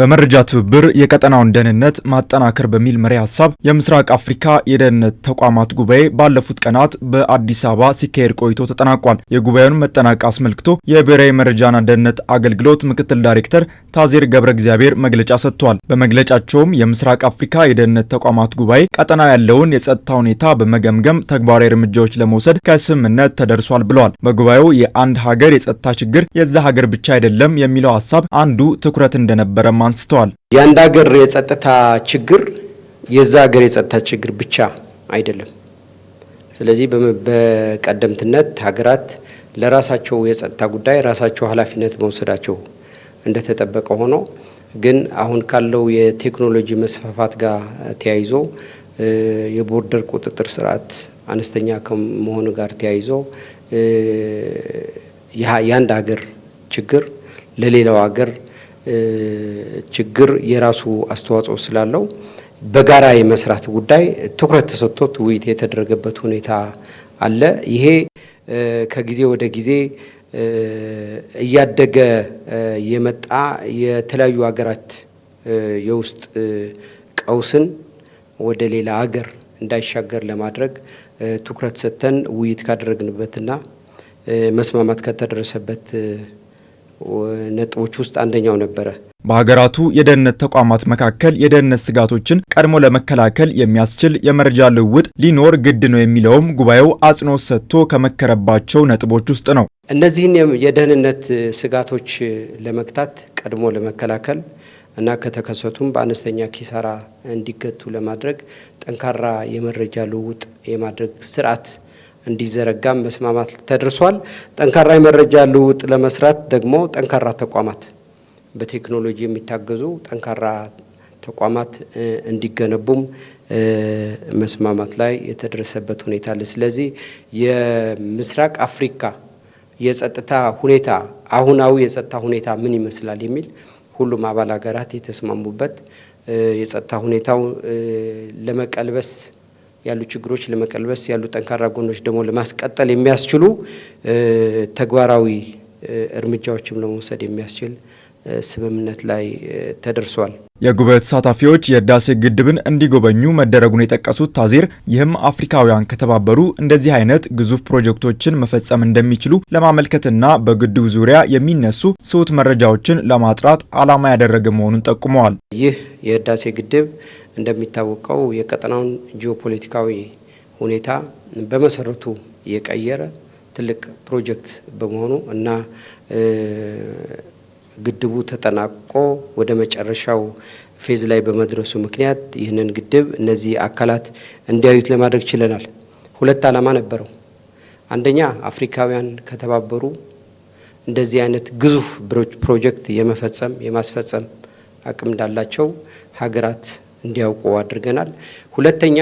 በመረጃ ትብብር የቀጠናውን ደህንነት ማጠናከር በሚል መሪ ሀሳብ የምስራቅ አፍሪካ የደህንነት ተቋማት ጉባኤ ባለፉት ቀናት በአዲስ አበባ ሲካሄድ ቆይቶ ተጠናቋል። የጉባኤውን መጠናቅ አስመልክቶ የብሔራዊ መረጃና ደህንነት አገልግሎት ምክትል ዳይሬክተር ታዜር ገብረ እግዚአብሔር መግለጫ ሰጥቷል። በመግለጫቸውም የምስራቅ አፍሪካ የደህንነት ተቋማት ጉባኤ ቀጠና ያለውን የጸጥታ ሁኔታ በመገምገም ተግባራዊ እርምጃዎች ለመውሰድ ከስምምነት ተደርሷል ብለዋል። በጉባኤው የአንድ ሀገር የጸጥታ ችግር የዛ ሀገር ብቻ አይደለም የሚለው ሀሳብ አንዱ ትኩረት እንደነበረ አንስተዋል። የአንድ ሀገር የጸጥታ ችግር የዛ ሀገር የጸጥታ ችግር ብቻ አይደለም። ስለዚህ በቀደምትነት ሀገራት ለራሳቸው የጸጥታ ጉዳይ ራሳቸው ኃላፊነት መውሰዳቸው እንደተጠበቀ ሆኖ ግን አሁን ካለው የቴክኖሎጂ መስፋፋት ጋር ተያይዞ የቦርደር ቁጥጥር ስርዓት አነስተኛ ከመሆኑ ጋር ተያይዞ የአንድ ሀገር ችግር ለሌላው ሀገር ችግር የራሱ አስተዋጽኦ ስላለው በጋራ የመስራት ጉዳይ ትኩረት ተሰጥቶት ውይይት የተደረገበት ሁኔታ አለ። ይሄ ከጊዜ ወደ ጊዜ እያደገ የመጣ የተለያዩ ሀገራት የውስጥ ቀውስን ወደ ሌላ ሀገር እንዳይሻገር ለማድረግ ትኩረት ሰጥተን ውይይት ካደረግንበትና መስማማት ከተደረሰበት ነጥቦች ውስጥ አንደኛው ነበረ። በሀገራቱ የደህንነት ተቋማት መካከል የደህንነት ስጋቶችን ቀድሞ ለመከላከል የሚያስችል የመረጃ ልውውጥ ሊኖር ግድ ነው የሚለውም ጉባኤው አጽንኦት ሰጥቶ ከመከረባቸው ነጥቦች ውስጥ ነው። እነዚህን የደህንነት ስጋቶች ለመግታት ቀድሞ ለመከላከል እና ከተከሰቱም በአነስተኛ ኪሳራ እንዲገቱ ለማድረግ ጠንካራ የመረጃ ልውውጥ የማድረግ ስርዓት እንዲዘረጋም መስማማት ተደርሷል። ጠንካራ የመረጃ ልውውጥ ለመስራት ደግሞ ጠንካራ ተቋማት በቴክኖሎጂ የሚታገዙ ጠንካራ ተቋማት እንዲገነቡም መስማማት ላይ የተደረሰበት ሁኔታ አለ። ስለዚህ የምስራቅ አፍሪካ የጸጥታ ሁኔታ አሁናዊ የጸጥታ ሁኔታ ምን ይመስላል የሚል ሁሉም አባል ሀገራት የተስማሙበት የጸጥታ ሁኔታው ለመቀልበስ ያሉ ችግሮች ለመቀልበስ ያሉ ጠንካራ ጎኖች ደግሞ ለማስቀጠል የሚያስችሉ ተግባራዊ እርምጃዎችም ለመውሰድ የሚያስችል ስምምነት ላይ ተደርሷል። የጉባኤው ተሳታፊዎች የህዳሴ ግድብን እንዲጎበኙ መደረጉን የጠቀሱት ታዜር ይህም አፍሪካውያን ከተባበሩ እንደዚህ አይነት ግዙፍ ፕሮጀክቶችን መፈጸም እንደሚችሉ ለማመልከትና በግድቡ ዙሪያ የሚነሱ ስውት መረጃዎችን ለማጥራት ዓላማ ያደረገ መሆኑን ጠቁመዋል። ይህ የህዳሴ ግድብ እንደሚታወቀው የቀጠናውን ጂኦፖለቲካዊ ሁኔታ በመሰረቱ የቀየረ ትልቅ ፕሮጀክት በመሆኑ እና ግድቡ ተጠናቆ ወደ መጨረሻው ፌዝ ላይ በመድረሱ ምክንያት ይህንን ግድብ እነዚህ አካላት እንዲያዩት ለማድረግ ችለናል። ሁለት ዓላማ ነበረው። አንደኛ አፍሪካውያን ከተባበሩ እንደዚህ አይነት ግዙፍ ፕሮጀክት የመፈጸም የማስፈጸም አቅም እንዳላቸው ሀገራት እንዲያውቁ አድርገናል። ሁለተኛ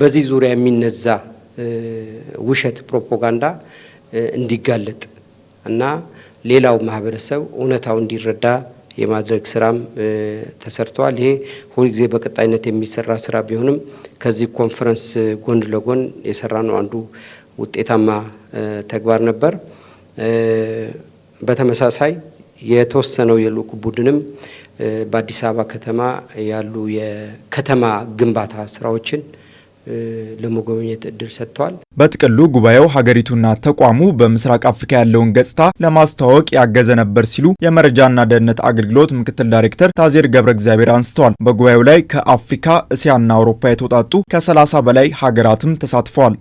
በዚህ ዙሪያ የሚነዛ ውሸት ፕሮፓጋንዳ እንዲጋለጥ እና ሌላው ማህበረሰብ እውነታው እንዲረዳ የማድረግ ስራም ተሰርተዋል። ይሄ ሁልጊዜ በቀጣይነት የሚሰራ ስራ ቢሆንም ከዚህ ኮንፈረንስ ጎን ለጎን የሰራ ነው አንዱ ውጤታማ ተግባር ነበር። በተመሳሳይ የተወሰነው የልዑክ ቡድንም በአዲስ አበባ ከተማ ያሉ የከተማ ግንባታ ስራዎችን ለመጎብኘት እድል ሰጥተዋል። በጥቅሉ ጉባኤው ሀገሪቱና ተቋሙ በምስራቅ አፍሪካ ያለውን ገጽታ ለማስተዋወቅ ያገዘ ነበር ሲሉ የመረጃና ደህንነት አገልግሎት ምክትል ዳይሬክተር ታዜር ገብረ እግዚአብሔር አንስተዋል። በጉባኤው ላይ ከአፍሪካ፣ እስያና አውሮፓ የተውጣጡ ከ30 በላይ ሀገራትም ተሳትፈዋል።